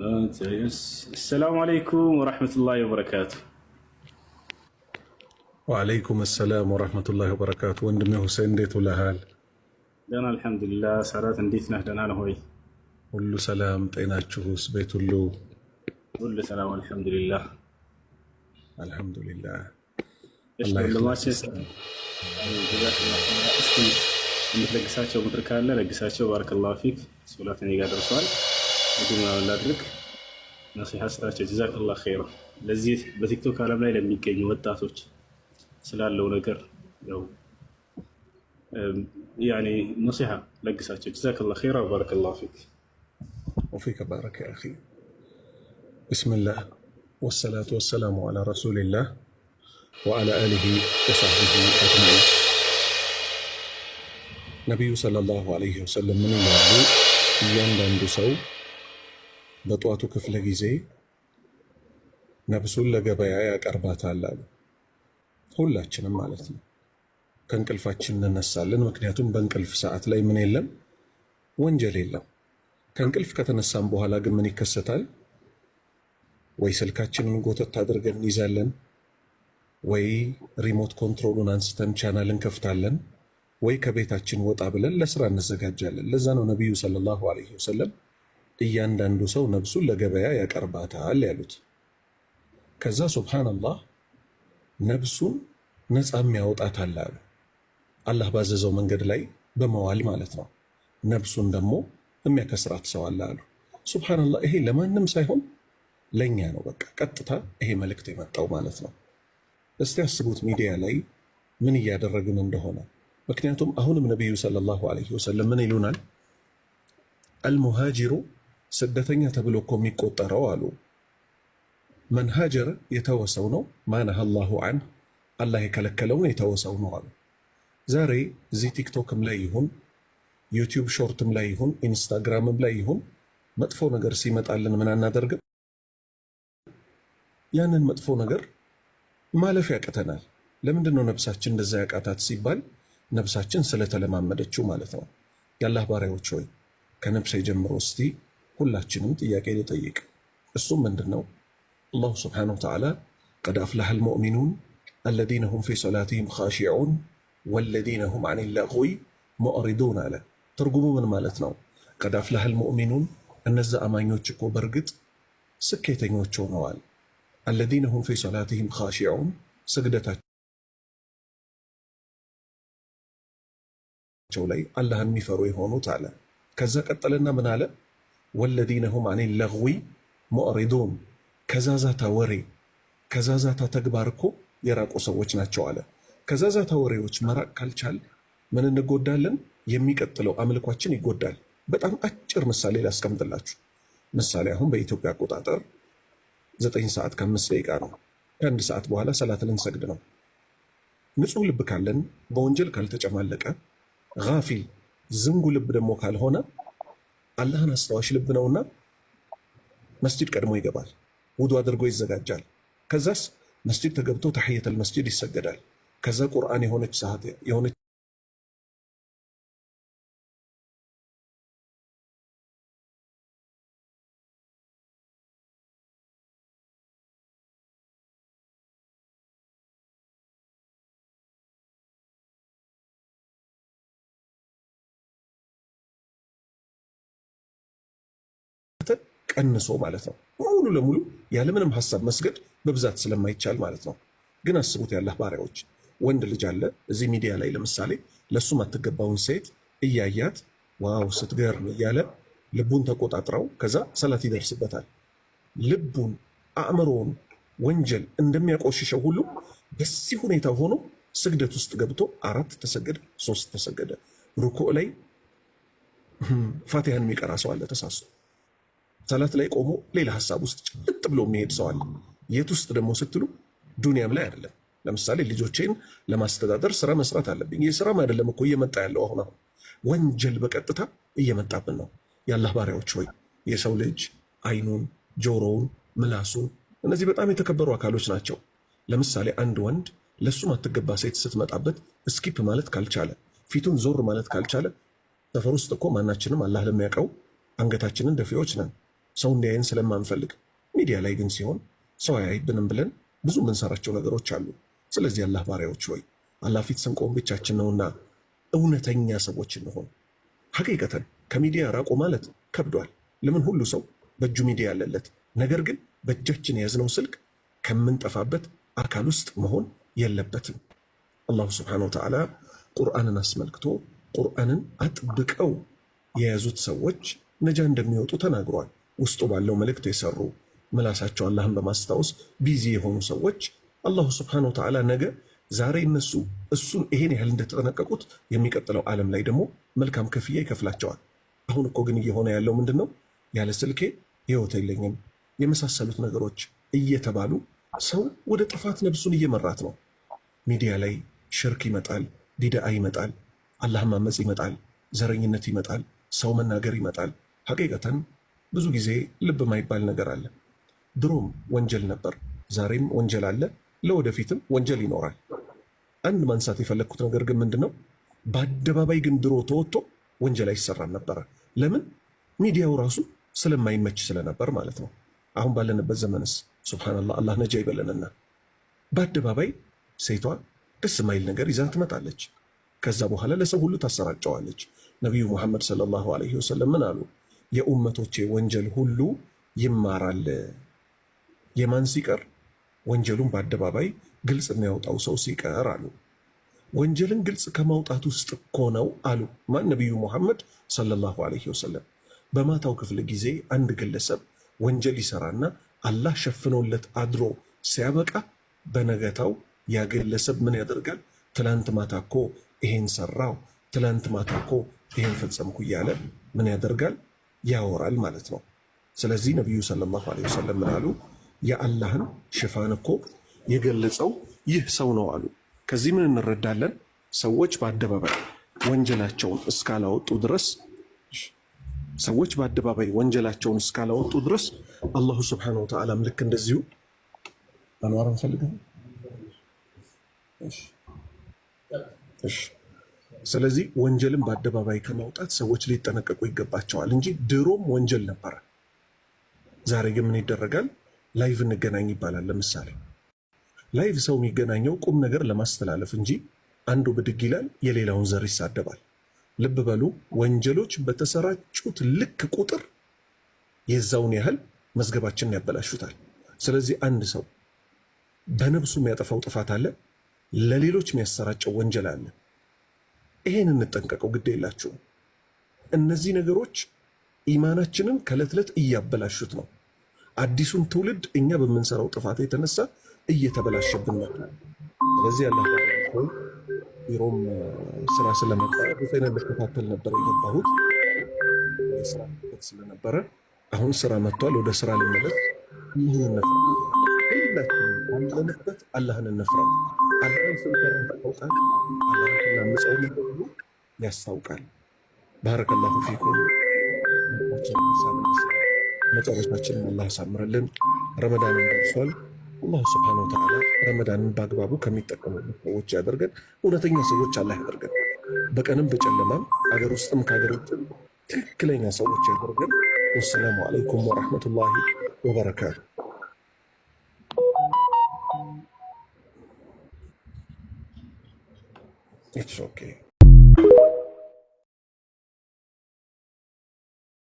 انت يس السلام عليكم ورحمه الله وبركاته وعليكم السلام ورحمة الله وبركاته وندمي حسين ديت ولا هال دانا الحمد لله سعرات نديتنا دانا هوي كل سلام تينا تشوس بيت اللو كل سلام الحمد لله الحمد لله الله يخلص الله يخلص الله يخلص الله يخلص الله يخلص الله يخلص الله يخلص الله مثل ما ولادرك نصيحة ستاتش جزاك الله خيرا لذيذ بتيكتوك عالم لاي لم يكيني وطاتوش سلال لو نقر يو يعني نصيحة لك ساتش جزاك الله خيرا وبارك الله فيك وفيك بارك يا أخي بسم الله والصلاة والسلام على رسول الله وعلى آله وصحبه أجمعين النبي صلى الله عليه وسلم من الله يندن بسوء በጧቱ ክፍለ ጊዜ ነፍሱን ለገበያ ያቀርባታል አሉ። ሁላችንም ማለት ነው ከእንቅልፋችን እንነሳለን። ምክንያቱም በእንቅልፍ ሰዓት ላይ ምን የለም ወንጀል የለም። ከእንቅልፍ ከተነሳም በኋላ ግን ምን ይከሰታል? ወይ ስልካችንን ጎተት አድርገን እንይዛለን፣ ወይ ሪሞት ኮንትሮሉን አንስተን ቻናል እንከፍታለን፣ ወይ ከቤታችን ወጣ ብለን ለስራ እንዘጋጃለን። ለዛ ነው ነቢዩ ሰለላሁ ዐለይሂ ወሰለም እያንዳንዱ ሰው ነፍሱን ለገበያ ያቀርባታል ያሉት። ከዛ ሱብሃነላህ ነፍሱን ነፃ የሚያወጣታል አሉ። አላህ ባዘዘው መንገድ ላይ በመዋል ማለት ነው። ነፍሱን ደግሞ የሚያከስራት ሰው አለ አሉ። ሱብሃነላህ ይሄ ለማንም ሳይሆን ለእኛ ነው። በቃ ቀጥታ ይሄ መልእክት የመጣው ማለት ነው። እስቲ አስቡት ሚዲያ ላይ ምን እያደረግን እንደሆነ። ምክንያቱም አሁንም ነቢዩ ሰለላሁ ዐለይሂ ወሰለም ምን ይሉናል አልሙሃጅሩ ስደተኛ ተብሎ እኮ የሚቆጠረው አሉ። መን ሀጀረ የተወሰው ነው። ማነህ አላሁ አን አላህ የከለከለውን የተወሰው ነው አሉ። ዛሬ እዚህ ቲክቶክም ላይ ይሁን ዩቲዩብ ሾርትም ላይ ይሁን ኢንስታግራምም ላይ ይሁን መጥፎ ነገር ሲመጣልን ምን አናደርግም? ያንን መጥፎ ነገር ማለፍ ያቅተናል። ለምንድን ነው ነብሳችን እንደዛ ያቃታት ሲባል ነብሳችን ስለተለማመደችው ማለት ነው። የአላህ ባሪያዎች ሆይ ከነብሴ ጀምሮ እስቲ ሁላችንም ጥያቄ ልጠይቅ። እሱም ምንድን ነው? አላሁ ስብሓነሁ ወተዓላ ቀድ አፍላሐ አልሙእሚኑን አለዚነ ሁም ፊ ሰላቲሂም ኻሺዑን ወለዚነ ሁም አን ለጉዊ ሙዕሪዱን አለ። ትርጉሙ ምን ማለት ነው? ቀድ አፍላሐ አልሙእሚኑን እነዛ አማኞች እኮ በእርግጥ ስኬተኞች ሆነዋል። አለዚነ ሁም ፊ ሰላቲሂም ኻሺዑን ስግደታቸው ላይ አላህን የሚፈሩ የሆኑት አለ። ከዛ ቀጠለና ምን አለ? ወለዚነ ሁም አኔ ለግዊ ሙዕሪዱን ከዛዛታ ወሬ ከዛዛታ ተግባር እኮ የራቁ ሰዎች ናቸው አለ። ከዛዛታ ወሬዎች መራቅ ካልቻል ምን እንጎዳለን? የሚቀጥለው አምልኳችን ይጎዳል። በጣም አጭር ምሳሌ ላስቀምጥላችሁ። ምሳሌ አሁን በኢትዮጵያ አቆጣጠር ዘጠኝ ሰዓት ከአምስት ደቂቃ ነው። ከአንድ ሰዓት በኋላ ሰላት ልንሰግድ ነው። ንጹሕ ልብ ካለን በወንጀል ካልተጨማለቀ፣ ጋፊል ዝንጉ ልብ ደግሞ ካልሆነ አላህን አስታዋሽ ልብ ነውና መስጂድ ቀድሞ ይገባል። ውዱ አድርጎ ይዘጋጃል። ከዛስ መስጂድ ተገብቶ ተሐየተል መስጂድ ይሰገዳል። ከዛ ቁርአን የሆነች ቀንሶ ማለት ነው። ሙሉ ለሙሉ ያለምንም ሀሳብ መስገድ በብዛት ስለማይቻል ማለት ነው። ግን አስቡት ያለህ ባሪያዎች፣ ወንድ ልጅ አለ እዚህ ሚዲያ ላይ ለምሳሌ ለእሱ ማትገባውን ሴት እያያት ዋው ስትገርም እያለ ልቡን ተቆጣጥረው ከዛ ሰላት ይደርስበታል። ልቡን አእምሮውን ወንጀል እንደሚያቆሽሸው ሁሉ በዚህ ሁኔታ ሆኖ ስግደት ውስጥ ገብቶ አራት ተሰገደ፣ ሶስት ተሰገደ። ሩኩዕ ላይ ፋቲሃን የሚቀራ ሰው አለ ተሳስቶ ሰላት ላይ ቆሞ ሌላ ሀሳብ ውስጥ ጭጥ ብሎ የሚሄድ ሰው አለ። የት ውስጥ ደግሞ ስትሉ ዱኒያም ላይ አይደለም። ለምሳሌ ልጆቼን ለማስተዳደር ስራ መስራት አለብኝ። ይህ ስራም አይደለም እኮ እየመጣ ያለው አሁን አሁን ወንጀል በቀጥታ እየመጣብን ነው። የአላህ ባሪያዎች ሆይ የሰው ልጅ አይኑን፣ ጆሮውን፣ ምላሱን እነዚህ በጣም የተከበሩ አካሎች ናቸው። ለምሳሌ አንድ ወንድ ለሱ ማትገባ ሴት ስትመጣበት እስኪፕ ማለት ካልቻለ፣ ፊቱን ዞር ማለት ካልቻለ፣ ሰፈር ውስጥ እኮ ማናችንም አላህ ለሚያውቀው አንገታችንን ደፊዎች ነን። ሰው እንዲያይን ስለማንፈልግ ሚዲያ ላይ ግን ሲሆን ሰው አያይብንም ብለን ብዙ የምንሰራቸው ነገሮች አሉ። ስለዚህ አላህ ባሪያዎች ሆይ አላህ ፊት ስንቆም ብቻችን ነውና እውነተኛ ሰዎች እንሆን። ሀቂቀተን ከሚዲያ ራቁ ማለት ከብዷል። ለምን ሁሉ ሰው በእጁ ሚዲያ ያለለት፣ ነገር ግን በእጃችን የያዝነው ስልክ ከምንጠፋበት አካል ውስጥ መሆን የለበትም። አላሁ ስብሐነሁ ወተዓላ ቁርአንን አስመልክቶ ቁርአንን አጥብቀው የያዙት ሰዎች ነጃ እንደሚወጡ ተናግሯል። ውስጡ ባለው መልእክት የሰሩ ምላሳቸው አላህን በማስታወስ ቢዚ የሆኑ ሰዎች አላሁ ስብሐነሁ ወተዓላ ነገ ዛሬ እነሱ እሱን ይሄን ያህል እንደተጠነቀቁት የሚቀጥለው ዓለም ላይ ደግሞ መልካም ክፍያ ይከፍላቸዋል። አሁን እኮ ግን እየሆነ ያለው ምንድን ነው? ያለ ስልኬ ህይወት የለኝም የመሳሰሉት ነገሮች እየተባሉ ሰው ወደ ጥፋት ነብሱን እየመራት ነው። ሚዲያ ላይ ሽርክ ይመጣል፣ ቢድዓ ይመጣል፣ አላህ ማመፅ ይመጣል፣ ዘረኝነት ይመጣል፣ ሰው መናገር ይመጣል። ሐቂቀተን ብዙ ጊዜ ልብ የማይባል ነገር አለ። ድሮም ወንጀል ነበር፣ ዛሬም ወንጀል አለ፣ ለወደፊትም ወንጀል ይኖራል። አንድ ማንሳት የፈለግኩት ነገር ግን ምንድን ነው፣ በአደባባይ ግን ድሮ ተወጥቶ ወንጀል አይሰራም ነበረ። ለምን? ሚዲያው ራሱ ስለማይመች ስለነበር ማለት ነው። አሁን ባለንበት ዘመንስ ሱብሃነላህ አላህ ነጃ ይበለንና በአደባባይ ሴቷ ደስ የማይል ነገር ይዛ ትመጣለች። ከዛ በኋላ ለሰው ሁሉ ታሰራጨዋለች። ነቢዩ ሙሐመድ ሰለላሁ ዐለይሂ ወሰለም ምን አሉ? የኡመቶቼ ወንጀል ሁሉ ይማራል። የማን ሲቀር? ወንጀሉን በአደባባይ ግልጽ የሚያወጣው ሰው ሲቀር አሉ። ወንጀልን ግልጽ ከማውጣት ውስጥ እኮ ነው አሉ ማን ነቢዩ ሙሐመድ ሰለላሁ ዐለይሂ ወሰለም። በማታው ክፍለ ጊዜ አንድ ግለሰብ ወንጀል ይሰራና አላህ ሸፍኖለት አድሮ ሲያበቃ በነገታው ያ ግለሰብ ምን ያደርጋል? ትላንት ማታ እኮ ይሄን ሰራው፣ ትላንት ማታ እኮ ይሄን ፈጸምኩ እያለ ምን ያደርጋል? ያወራል ማለት ነው። ስለዚህ ነቢዩ ሰለላሁ ዐለይሂ ወሰለም ምን አሉ? የአላህን ሽፋን እኮ የገለጸው ይህ ሰው ነው አሉ። ከዚህ ምን እንረዳለን? ሰዎች በአደባባይ ወንጀላቸውን እስካላወጡ ድረስ ሰዎች በአደባባይ ወንጀላቸውን እስካላወጡ ድረስ አላሁ ስብሓነሁ ወተዓላም ልክ እንደዚሁ አንዋር እንፈልጋለን። ስለዚህ ወንጀልን በአደባባይ ከማውጣት ሰዎች ሊጠነቀቁ ይገባቸዋል እንጂ ድሮም ወንጀል ነበረ። ዛሬ ግን ምን ይደረጋል? ላይቭ እንገናኝ ይባላል። ለምሳሌ ላይቭ ሰው የሚገናኘው ቁም ነገር ለማስተላለፍ እንጂ አንዱ ብድግ ይላል፣ የሌላውን ዘር ይሳደባል። ልብ በሉ፣ ወንጀሎች በተሰራጩት ልክ ቁጥር የዛውን ያህል መዝገባችንን ያበላሹታል። ስለዚህ አንድ ሰው በነብሱ የሚያጠፋው ጥፋት አለ፣ ለሌሎች የሚያሰራጨው ወንጀል አለ። ይሄን እንጠንቀቀው። ግድ የላችሁም። እነዚህ ነገሮች ኢማናችንን ከዕለት ዕለት እያበላሹት ነው። አዲሱን ትውልድ እኛ በምንሰራው ጥፋት የተነሳ እየተበላሸብን ነው። ስለዚህ ያለ የሮም ስራ ስለመጣ ሁሴን ልከታተል ነበር የገባሁት ስራ ስለነበረ አሁን ስራ መጥቷል። ወደ ስራ ልመለስ። ይህን ነፍራ ሁላችን አለንበት። አላህን እንፍራው። አላስታውቃል አላትና ምጸው ሆኑ ያስታውቃል። ባረከላሁ ፊኩም። መጨረሻችንን አላህ ያሳምርልን። ረመዳንን ደርሷል። አላሁ ስብሐነ ወተዓላ ረመዳንን በአግባቡ ከሚጠቀሙበት ሰዎች ያደርገን። እውነተኛ ሰዎች አላህ ያደርገን። በቀንም በጨለማም አገር ውስጥም ከአገር ውጭም ትክክለኛ ሰዎች ያደርገን። ወሰላሙ አለይኩም ወረሕመቱላሂ ወበረካቱ It's okay.